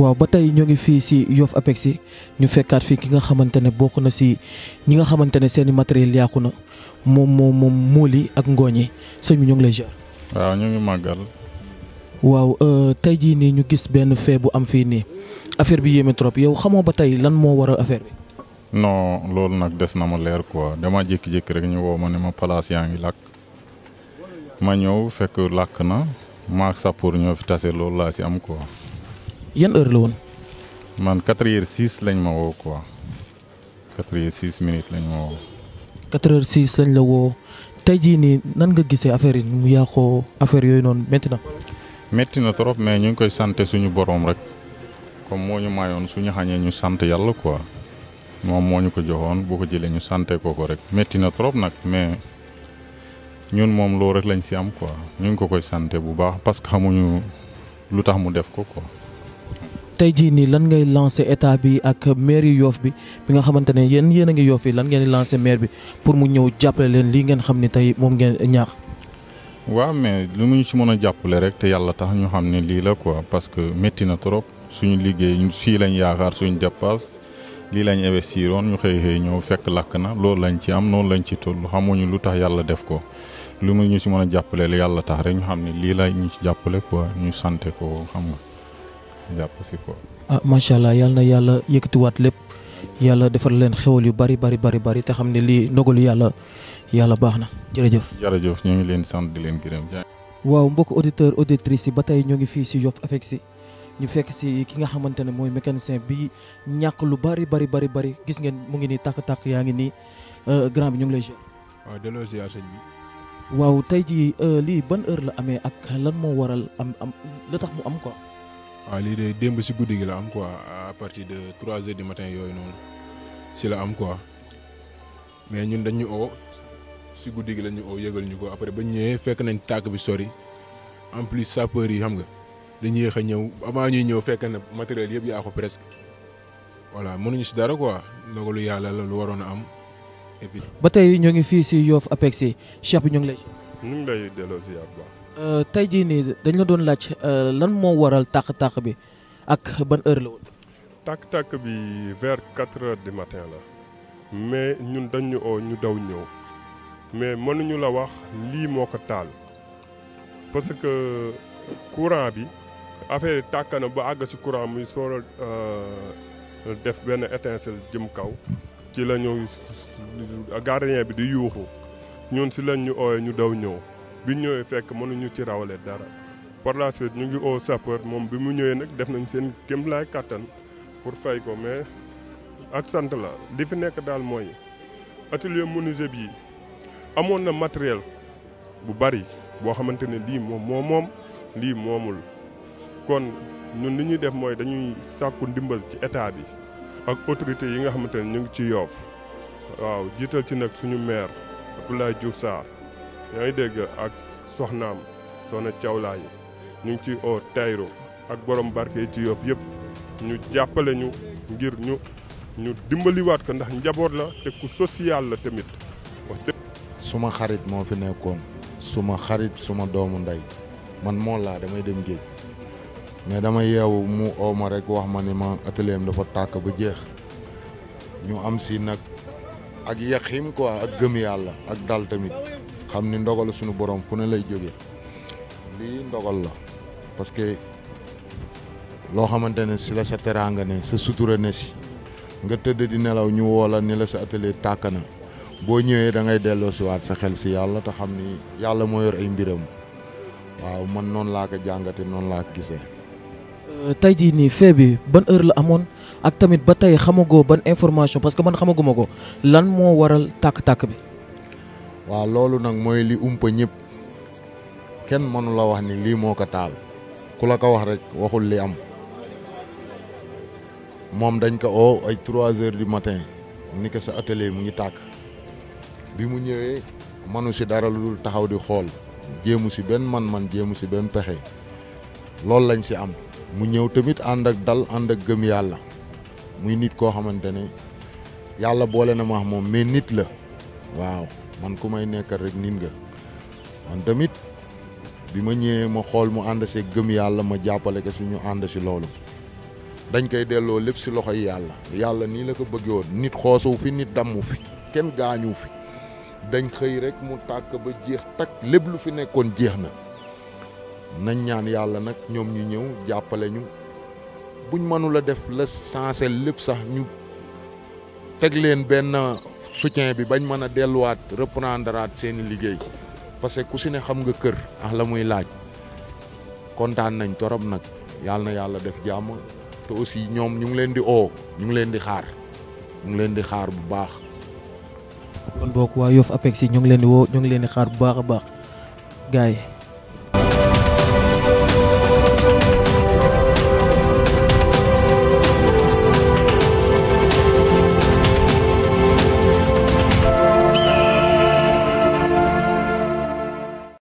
waaw ba tey ñoo ngi fii si Yoff APEXI ñu fekkaat fii ki nga xamante ne bokk na si ñi nga xamante ne seen i matériel yàqu na moom moom moom móoli ak ngooñ yi sëñ bi ñoo ngi lay jaar. waaw ñu ngi màggal. waaw euh, tey jii nii ñu gis benn fee bu am fii nii affaire bi yéeme trop yow xamoo ba tey lan moo waral affaire bi. non loolu nag des na ma leer quoi dama jékki-jékki rek ñu woo ma ne ma palaas yaa ngi làkk ma ñëw fekk làkk na maag sappoor ñoo fi tase loolu laa si am quoi. yan heure la woon. man quatre heures six lañ ma woo quoi quatre heures lañ ma woo. quatre heures six la woo tey jii nii nan nga gisee affaire yi mu yàqoo affaire yooyu noonu métti na. métti na trop mais ñu ngi koy sante suñu borom rek comme moo ñu mayoon suñu xañee ñu sant yàlla quoi moom moo ñu ko joxoon boo ko jëlee ñu sante ko ko rek métti na trop nag mais. ñun moom loolu rek lañ si am quoi ñu ko koy sante bu baax parce que xamuñu lu tax mu def ko ko tey jii nii lan ngay lancé état bi ak mairie yoof bi bi nga xamante ne yéen yéen a ngi yoof yi lan ngeen di lancé maire bi pour mu ñëw jàppale leen li ngeen xam ni tey moom ngeen ñaax. waaw mais lu mu ñu si mën a jàppale rek te yàlla tax ñu xam ne lii la quoi parce que métti na trop suñu liggéey ñu fii lañ yaakaar suñu dépasse lii lañ investir woon ñu xëy ñëw fekk lakk na loolu lañ ci am noonu lañ ci toll xamuñu lu tax yàlla def ko lu mu ñu si mën a jàppale yàlla tax rek ñu xam ne lii la ñu ci jàppale quoi ñu sante ko xam nga. jàpp si ko. ah macha allah yal na yàlla yëkkatiwaat lépp yàlla defar leen xewal yu bari bari bari bari te xam ne lii ndogalu yàlla yàlla baax na jërëjëf. jërëjëf ñu ngi leen sant di leen gërëm. waaw mbokk auditeur auditrice yi ba tey ñoo ngi fii si Yoff avec si ñu fekk si ki nga xamante ne mooy mécanicien bi ñàkk lu bari bari bari bari gis ngeen mu ngi nii tàkk-tàkk yaa ngi nii euh, grand bi ñu ngi lay gérer. waaw delloo ziar waaw tey jii euh, lii ban heure la amee ak lan moo waral am am la tax mu am ko waaw ah, lii de démb si guddi gi la am quoi à partir de trois heures du matin yooyu noonu si la am quoi mais ñun dañu oo si guddi gi la ñu oo yëgal ñu ko après ba ñëwee fekk nañ tàkk bi sori en plus sapeur yi xam nga dañuy yéex a ñëw avant ñuy ñëw fekk na matériel yëpp yaa ko presque voilà mënuñu si dara quoi lu yàlla la lu waroon a am et puis. ba tey ñoo ngi fii si Yoff APEX Cheikh bi ñu ngi lay. ñu ngi lay delloo si yàlla Euh, tey jii nii dañ la doon laaj euh, lan moo waral tàq-tàq bi ak ban heure la tàkk tàq bi vers quatre heures du matin la mais ñun dañ ñu oo ñu daw ñëw mais mënuñu la wax lii moo ko taal parce que courant bi affaire yi tàkk na ba àgg ci courant muy soor a euh, def benn étincelle jëm kaw ci la ñu gardien bi di yuuxu ñun si lañ ñu ooyee ñu daw ñëw. bi ñëwee fekk mënuñu ci rawale dara par ñu ngi au sapeur moom bi mu ñëwee nag def nañ seen kéem laay kàttan pour fay ko mais ak sant la li fi nekk daal mooy atelier menuisier bi amoon na matériel bu bari boo xamante ne lii moom moo moom lii moomul kon ñun li ñuy def mooy dañuy sàkku ndimbal ci état bi ak autorité yi nga xamante ne ñu ngi ci yoof waaw jiital ci nag suñu maire Abdoulaye Diouf Sarr yaa ngi dégg ak soxnaam soxna Cawlaa yi ñu ci oo Tayro ak borom barke yi ci Yoff yëpp ñu jàppale ñu ngir ñu ñu dimbaliwaat ko ndax njaboot la te ku social la tamit wax suma xarit moo fi nekkoon suma xarit suma doomu ndey man moo laa damay dem géej mais dama yeewu mu oo ma rek wax ma ni ma atelier am dafa tàkk ba jeex ñu am si nag ak yaqim quoi ak gëm yàlla ak dal tamit. xam ni ndogalu suñu borom fu ne lay jógee lii ndogal la parce que loo xamante ne si la sa teraanga ne sa sutura ne si nga tëdd di nelaw ñu woo la ni la sa atelier tàkk na boo ñëwee da ngay delloo si waat sa xel si yàlla te xam ni yàlla moo yor ay mbiram waaw man noonu laa ko jàngate noonu laa ko gisee. Euh, tey jii nii fee bi ban heure la amoon ak tamit ba tey xamagoo ban information parce que man xamaguma ko lan moo waral tàkk-tàkk bi. wa loolu nak moy li umpa ñep ken mënu la wax ni li moko taal ku la ko wax rek waxul li am mom dañ ko o ay 3 heures du matin ni ko sa atelier mu ngi tak bi mu ñëwee manu ci dara lu taxaw di xol jéemu ci ben man-man jéemu musi ben pexé lol lañ si am mu ñëw tamit and ak dal andak ak gëm yalla muy nit ko xamantene yalla yàlla boole na ma wax mais nit la waaw man ku may nekkal rek nit nga man bi ma ñëwee ma xool mu ànd see gëm yàlla ma jàppale ko suñu ànd si loolu dañ koy delloo lépp si loxo yi yàlla yàlla nii la ko bëggee woon nit xoosuw fi nit dammu fi kenn gaañu fi dañ xëy rek mu tàkk ba jeex takk lépp lu fi nekkoon jeex na nañ ñaan yàlla nag ñoom ñu ñëw jàppaleñu buñ mënula def la sensé lépp sax ñu teg leen benn soutien bi bañ mën a delluwaat reprendre seeni liggéey parce que ku si ne xam nga kër ah la muy laaj kontaan nañ torop nag yàlla na yàlla def jàmm te aussi ñoom ñu ngi leen di oo ñu ngi leen di xaar ñu ngi leen di xaar bu baax. kon boog waa Yoff APEX yi ñu ngi leen di woo ñu ngi leen di xaar bu baax a baax gars yi